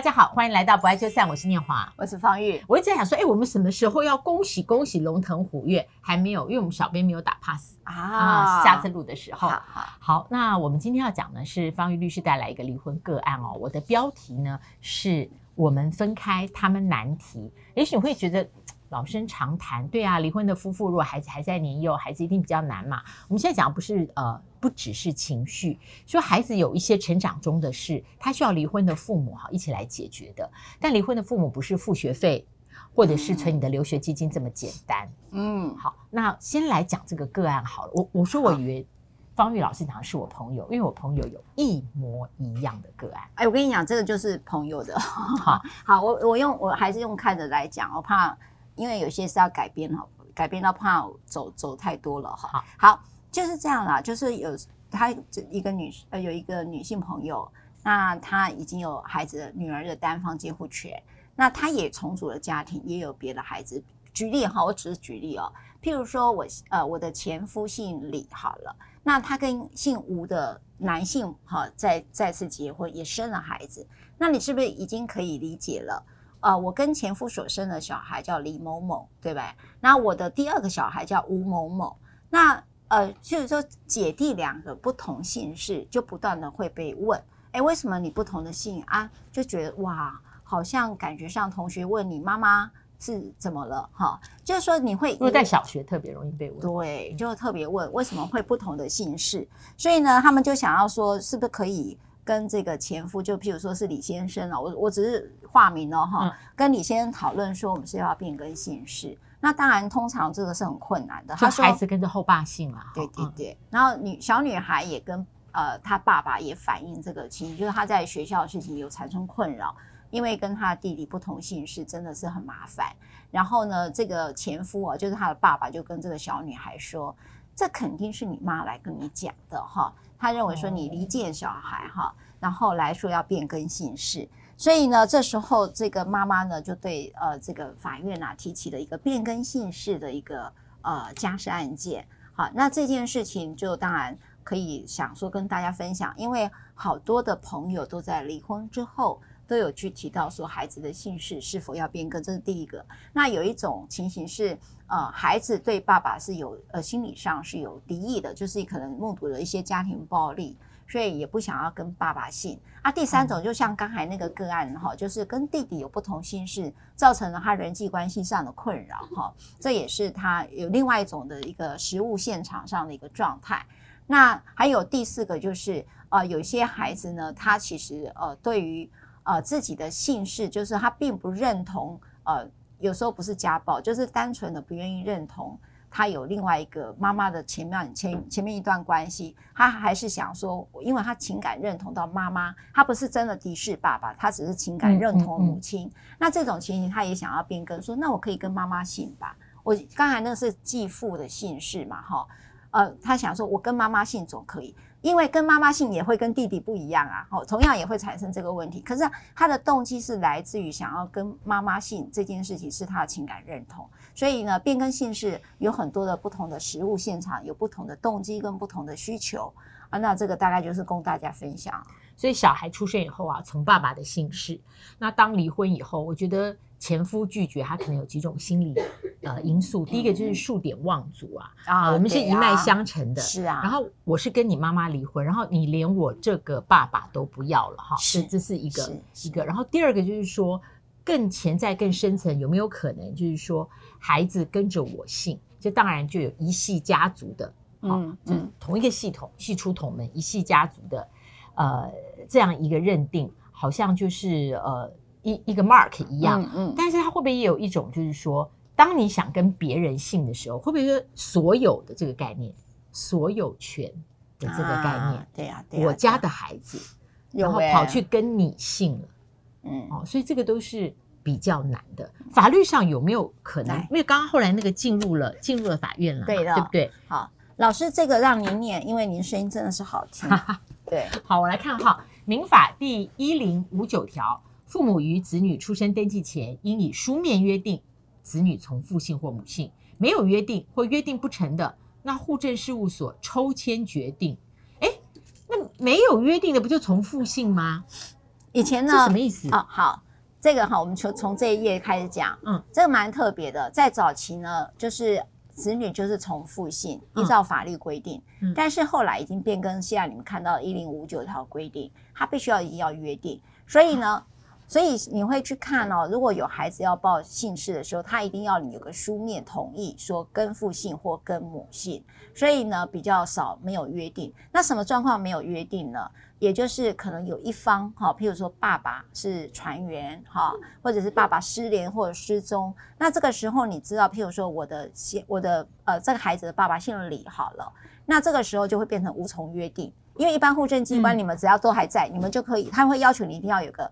大家好，歡迎來到不愛就散，我是念華，我是芳玉。我一直在想說，哎，我們什麼時候要恭喜恭喜龍騰虎躍？還沒有，因為我們小編沒有打 pass 啊。嗯、下次錄的時候好好，好，那我們今天要講呢，是芳玉律師帶來一個離婚個案哦。我的標題呢，是我們分開他們難題。也許你會覺得老生常談，對啊，離婚的夫婦如果孩子還在年幼，孩子一定比較難嘛。我們現在講的不是呃。不只是情緒，說孩子有一些成長中的事，他需要離婚的父母哈一起來解決的。但離婚的父母不是付學費，或者是存你的留學基金這麼簡單。嗯，好，那先來講這個個案好了。我我說我以為芳玉老師好像是我朋友，因為我朋友有一模一樣的個案。哎，我跟你講，這個就是朋友的。好 好，我我用我還是用看着來講，我怕因為有些事要改編，改編到怕走走太多了哈。好。好就是這樣啦、啊，就是有她一個女呃有一個女性朋友，那她已經有孩子的女兒的單方監護權，那她也重組了家庭，也有別的孩子。舉例哈，我只是舉例哦，譬如說我呃我的前夫姓李好了，那他跟姓吳的男性哈再再次結婚也生了孩子，那你是不是已經可以理解了？啊、呃，我跟前夫所生的小孩叫李某某，對吧？那我的第二個小孩叫吳某某，那。呃，就是說姐弟兩個不同姓氏，就不斷的會被問，誒，為什麼你不同的姓啊？就覺得哇，好像感覺上同學問你媽媽是怎麼了哈？就是說你會因為在小學特別容易被問，對，就會特別問為什麼會不同的姓氏，嗯、所以呢，他們就想要說，是不是可以跟這個前夫，就譬如說是李先生了，我我只是化名哦哈、嗯，跟李先生討論說，我們是要變更姓氏。那當然，通常這個是很困難的。她說孩子跟着後爸姓啊？對對對。嗯、然後女小女孩也跟呃她爸爸也反映這個情況，就是她在學校的事情有產生困擾，因為跟她弟弟不同姓氏真的是很麻煩。然後呢，這個前夫啊，就是她的爸爸就跟這個小女孩說，這肯定是你媽來跟你講的哈。她，哦、認為說你離間小孩哈，然後來說要變更姓氏。所以呢，這時候這個媽媽呢就對呃這個法院呢，啊，提起了一個變更姓氏的一個呃家事案件。好，那這件事情就當然可以想說跟大家分享，因為好多的朋友都在離婚之後都有去提到說孩子的姓氏是否要變更，這是第一個。那有一種情形是呃孩子對爸爸是有呃心理上是有敵意的，就是可能目睹了一些家庭暴力。所以也不想要跟爸爸姓。那、啊、第三種就像剛才那個個案哈，就是跟弟弟有不同姓氏，造成了他人際關係上的困擾哈。這也是他有另外一種的一個實務現場上的一個狀態。那還有第四個就是呃有些孩子呢，他其實呃對於呃自己的姓氏，就是他並不認同。呃，有時候不是家暴，就是單純的不願意認同。他有另外一個媽媽的前面前前面一段關係，他還是想說，因為他情感認同到媽媽，他不是真的敵視爸爸，他只是情感認同母親。嗯嗯嗯。那這種情形，他也想要變更，說那我可以跟媽媽姓吧。我剛才那是繼父的姓氏嘛，哈，呃，他想說我跟媽媽姓總可以。因為跟媽媽姓也會跟弟弟不一樣啊，同樣也會產生這個問題。可是他的動機是來自於想要跟媽媽姓這件事情，是他的情感認同。所以呢，變更姓氏有很多的不同的實務現場，有不同的動機跟不同的需求啊。那這個大概就是供大家分享。所以小孩出生以後啊，從爸爸的姓氏，那當離婚以後，我覺得。前夫拒絕他，可能有幾種心理呃因素。第一個就是數典忘祖啊，嗯、我們是一脈相承的。是啊。然後我是跟你媽媽離婚、啊，然後你連我這個爸爸都不要了哈、哦。是，這是一個是是一個。然後第二個就是說，更潛在、更深層，有沒有可能就是說，孩子跟着我姓，這當然就有一系家族的，嗯、哦、嗯，嗯就同一個系統，系出同門，一系家族的，呃，這樣一個認定，好像就是呃。一一個 mark 一樣，嗯，嗯，但是它會不會也有一種，就是說，當你想跟別人姓的時候，會不會說所有的這個概念，所有權的這個概念，對啊，對呀，對啊，對啊，我家的孩子，啊，然後跑去跟你姓了，嗯，哦，所以這個都是比較難的。嗯，法律上有沒有可能？因為剛剛後來那個進入了進入了法院了，對的，對不對？好，老師這個讓您念，因為您聲音真的是好聽， 對，好，我來看哈，《民法》第一零五九條。父母與子女出生登記前，應以書面約定子女從父姓或母姓。沒有約定或約定不成的，那戶政事務所抽籤決定。哎，那沒有約定的不就從父姓嗎？以前呢是什麼意思？哦，好，這個好，我們就從，從這一頁開始講。嗯，這個蠻特別的，在早期呢，就是子女就是從父姓，依照法律規定。嗯，但是後來已經變更，現在你們看到一零五九條規定，他必須要一定要約定。所以呢？所以你會去看哦，如果有孩子要報姓氏的時候，他一定要你有個書面同意，說跟父姓或跟母姓。所以呢，比較少沒有約定。那什麼狀況沒有約定呢？也就是可能有一方哈，譬如說爸爸是船員哈，或者是爸爸失聯或者失蹤。那這個時候你知道，譬如說我的姓，我的呃這個孩子的爸爸姓李好了，那這個時候就會變成無從約定，因為一般戶政機關你們只要都還在，嗯、你們就可以，他們會要求你一定要有個。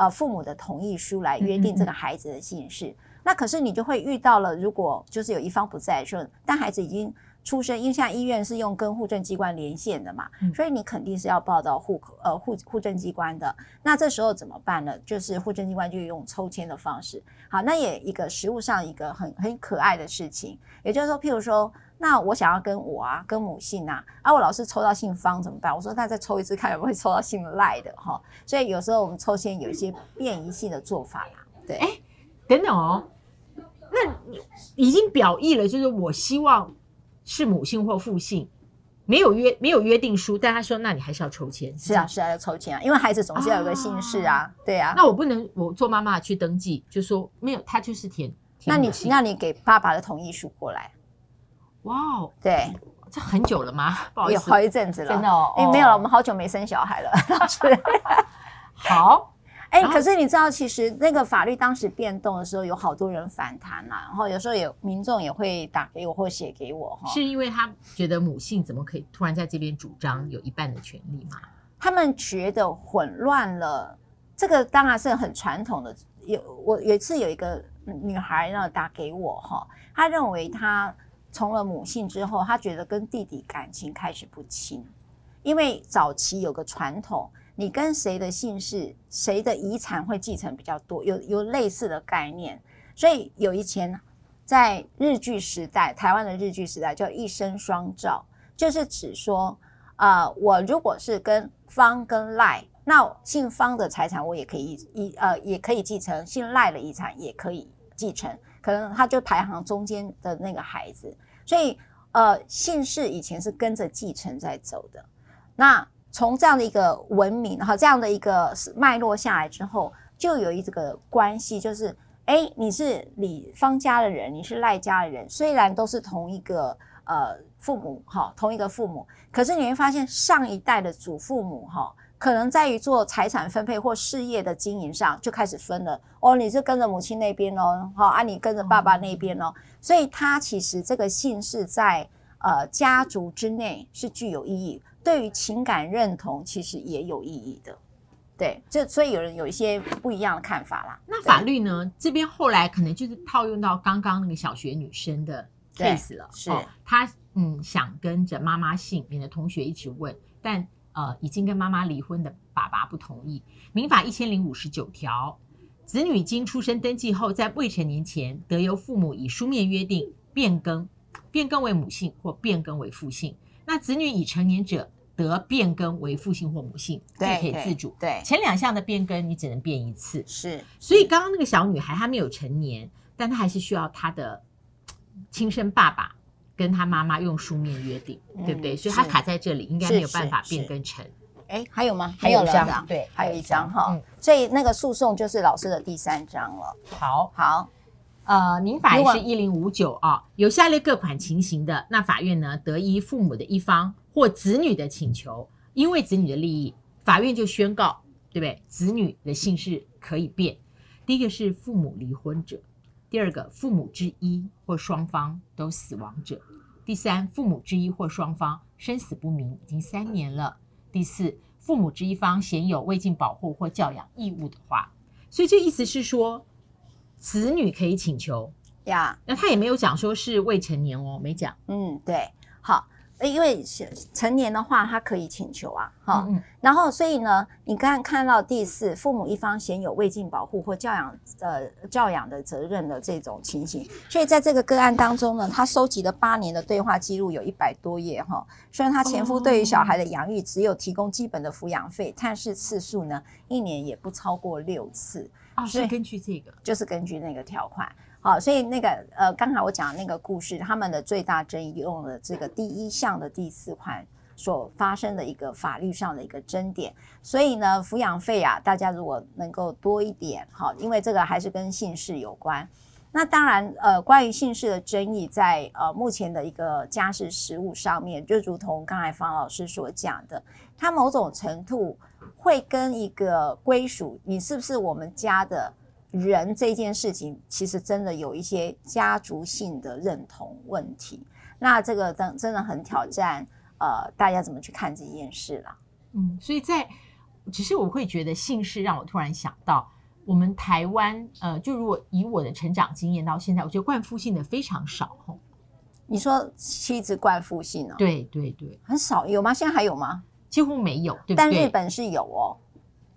呃，父母的同意書來約定這個孩子的姓氏，嗯嗯嗯，那可是你就會遇到了，如果就是有一方不在的時候，說但孩子已經。出生，因為現在醫院是用跟戶政機關連線的嘛、嗯，所以你肯定是要報到戶呃戶戶政機關的。那這時候怎麼辦呢？就是戶政機關就用抽籤的方式。好，那也一個實務上一個很很可愛的事情，也就是說，譬如說，那我想要跟我啊跟母姓啊，啊我老是抽到姓方怎麼辦？我說那再抽一次看有沒有抽到姓賴的哈。所以有時候我們抽籤有一些變異性的做法啦。對，哎、欸，等等哦，那你已經表意了，就是我希望。是母姓或父姓，沒有約沒有約定書，但他說，那你還是要抽籤。是,是啊是啊要抽籤啊，因為孩子總是要有個姓氏啊，啊對啊。那我不能我做媽媽去登記，就說沒有，他就是填。那你那你給爸爸的同意書過來？哇、wow, 哦，對、欸，這很久了嗎？不好意思，好一陣子了，真的哦，因、欸、為沒有了，我們好久沒生小孩了。哦、 好。欸、可是你知道，其實那個法律當時變動的時候，有好多人反彈啦、啊。然後有時候有民眾也會打給我或寫給我，哈，是因為他覺得母姓怎麼可以突然在這邊主張有一半的權利嗎？他們覺得混亂了。這個當然是很傳統的。有我有一次有一個女孩呢打給我，哈，她認為她從了母姓之後，她覺得跟弟弟感情開始不親，因為早期有個傳統。你跟誰的姓氏，誰的遺產會繼承比較多？有有類似的概念，所以有以前在日據時代，台灣的日據時代叫“一生雙照”，就是指說，啊、呃，我如果是跟方跟賴，那姓方的財產我也可以一呃也可以繼承，姓賴的遺產也可以繼承，可能他就排行中間的那個孩子。所以呃，姓氏以前是跟着繼承在走的，那。從這樣的一個文明哈，這樣的一個脈絡下來之後，就有一這個關係，就是哎、欸，你是李方家的人，你是賴家的人，雖然都是同一個呃父母哈，同一個父母，可是你會發現上一代的祖父母哈，可能在於做財產分配或事業的經營上就開始分了哦，你是跟着母親那邊哦哈，啊你跟着爸爸那邊哦，所以他其實這個姓氏在呃家族之內是具有意義的。對於情感認同其實也有意義的，對，所以有人有一些不一樣的看法啦。那法律呢？這邊後來可能就是套用到剛剛那個小學女生的 case 了，是她、哦、嗯想跟着媽媽姓，免得同學一直問。但呃，已經跟媽媽離婚的爸爸不同意。民法一千零五十九條，子女經出生登記後，在未成年前，得由父母以書面約定變更，變更為母姓或變更為父姓。那子女已成年者，得變更為父姓或母姓，就可以自主，對。對，前兩項的變更你只能變一次。是，所以剛剛那個小女孩她沒有成年，但她還是需要她的親生爸爸跟她媽媽用書面約定，嗯、對不對？所以她卡在這裡，應該沒有辦法變更成。哎，還有嗎？還有一張，對，還有一張哈、嗯哦嗯。所以那個訴訟就是老師的第三張了、嗯。好，好。呃，民法也是一零五九啊，有下列各款情形的，那法院呢得依父母的一方或子女的請求，因為子女的利益，法院就宣告，對不對？子女的姓氏可以變。第一個是父母離婚者，第二個父母之一或雙方都死亡者，第三父母之一或雙方生死不明已經三年了，第四父母之一方享有未盡保護或教養義務的話，所以這意思是說。子女可以請求呀，yeah. 那他也沒有講說是未成年哦，沒講。嗯，對，好，因為成年的話，他可以請求啊，哈、嗯嗯。然後，所以呢，你剛看,看到第四，父母一方顯有未盡保護或教養呃教養的責任的這種情形，所以在這個個案當中呢，他收集了八年的對話記錄，有一百多頁哈。雖然他前夫對於小孩的養育只有提供基本的撫養費，探視次數呢，一年也不超過六次。是根據這個，就是根據那個條款。好，所以那個呃，剛才我講的那個故事，他們的最大爭議用了這個第一項的第四款所發生的一個法律上的一個爭點。所以呢，扶養費啊，大家如果能夠多一點，好，因為這個還是跟姓氏有關。那當然，呃，關於姓氏的爭議在，在呃目前的一個家事實務上面，就如同剛才方老師所講的，它某種程度。會跟一個歸屬，你是不是我們家的人這件事情,其實真的有一些家族性的認同問題。那這個真真的很挑戰，呃，大家怎麼去看這件事了啊？嗯，所以在其實我會覺得姓氏讓我突然想到，我們台灣，呃，就如果以我的成長經驗到現在，我覺得冠夫姓的非常少。嗯、你說妻子冠夫姓哦？對對對，很少有嗎？現在還有嗎？幾乎沒有對不對？但日本是有哦，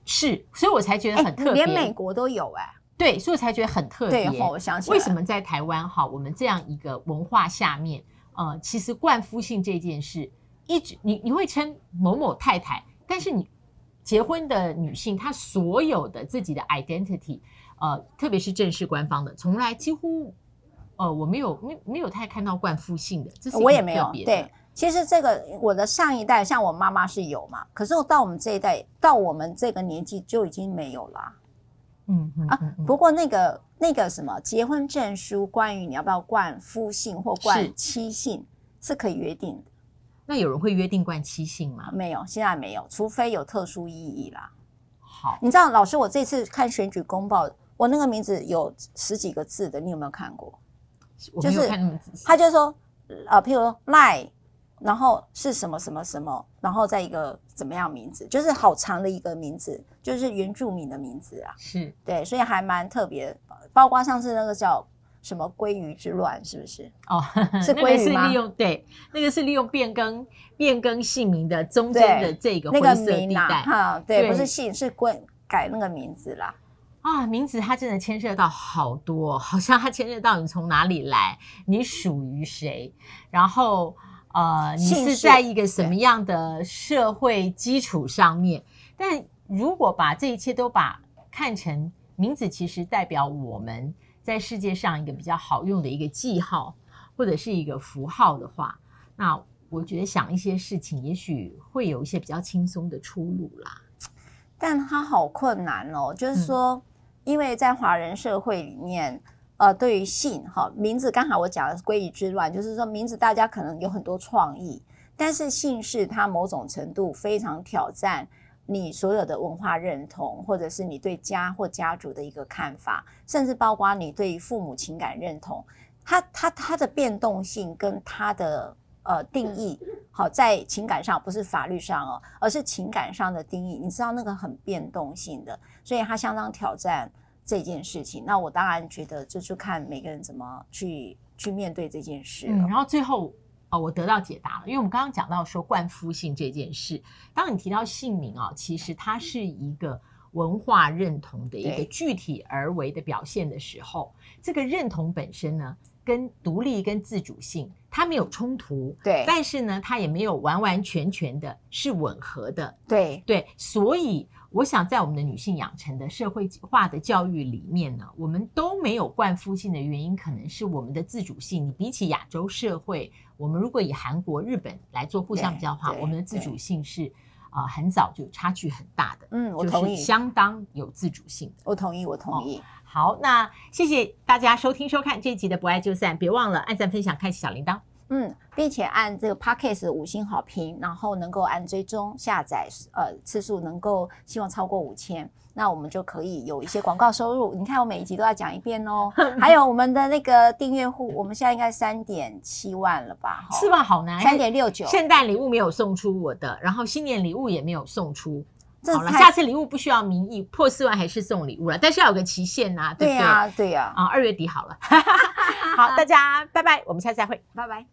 是，所以我才覺得很特別。連美國都有哎、啊，對，所以我才覺得很特別對哦、我想起為什麼在台灣哈，我們這樣一個文化下面，呃，其實冠夫姓這件事，一直你你會稱某某太太，但是你結婚的女性，她所有的自己的 identity，呃，特別是正式官方的，從來幾乎呃，我沒有沒有沒有太看到冠夫姓的，這是我也沒有別的，對。其實這個，我的上一代像我媽媽是有嘛，可是我到我們這一代，到我們這個年紀就已經沒有了、啊，嗯哼嗯哼啊。不過那個那個什麼結婚證書，關於你要不要冠夫姓或冠妻姓是，是可以約定的。那有人會約定冠妻姓嗎？啊？沒有，現在沒有，除非有特殊意義啦。好，你知道老師，我這次看選舉公報，我那個名字有十幾個字的，你有沒有看過？是，我沒有看那麼仔細。就是他就是說，啊、呃，譬如說賴。然後是什麼什麼什麼，然後再一個怎麼樣名字，就是好長的一個名字，就是原住民的名字啊。是，對，所以還蠻特別。包括上次那個叫什麼“鮭魚之亂”，是不是？哦，是鮭魚嗎？那個、對，那個是利用變更變更姓名的中間的這個那個名啊，對，對，不是姓，是改那個名字啦。啊、哦，名字它真的牽涉到好多、哦，好像它牽涉到你從哪裡來，你屬於誰，然後。呃，你是在一個什麼樣的社會基礎上面？但如果把這一切都把看成名字，其實代表我們在世界上一個比較好用的一個記號或者是一個符號的話，那我覺得想一些事情，也許會有一些比較輕鬆的出路啦。但它好困難哦，就是說，嗯、因為在華人社會裡面。呃，對於姓哈名字，剛好我講的是鮭魚之亂，就是說名字大家可能有很多創意，但是姓氏它某種程度非常挑戰你所有的文化認同，或者是你對家或家族的一個看法，甚至包括你對父母情感認同。它它它的變動性跟它的呃定義，好，在情感上不是法律上哦，而是情感上的定義，你知道那個很變動性的，所以它相當挑戰這件事情，那我當然覺得，就就看每個人怎麼去去面對這件事，嗯。然後最後，哦，我得到解答了，因為我們剛剛講到說冠夫姓這件事，當你提到姓名啊，哦，其實它是一個文化認同的一個具體而微的表現的時候，這個認同本身呢，跟獨立跟自主性它沒有衝突，對，但是呢，它也沒有完完全全的是吻合的，對對，所以。我想，在我們的女性養成的社會化的教育裡面呢，我們都沒有冠夫姓的原因，可能是我們的自主性。你比起亞洲社會，我們如果以韓國、日本來做互相比較的話，我們的自主性是啊、呃，很早就差距很大的。嗯，我同意，就是、相當有自主性我同意，我同意、哦。好，那謝謝大家收聽收看這一集的《不愛就散》，別忘了按讚、分享、開啟小鈴鐺。嗯，並且按這個 podcast 五星好評，然後能夠按追蹤下載，呃，次數能夠希望超過五千，那我們就可以有一些廣告收入。 你看我每一集都要講一遍哦。 還有我們的那個訂閱戶，我們現在應該三點七萬了吧？是嗎？好難，三點六九。聖誕禮物沒有送出我的，然後新年禮物也沒有送出。嗯、好了，下次禮物不需要名義破四萬還是送禮物了、啊，但是要有個期限吶、啊，對不對？呀、啊，對呀、啊。啊，二月底好了。 好，大家拜拜，bye bye, 我們下次再會，拜拜。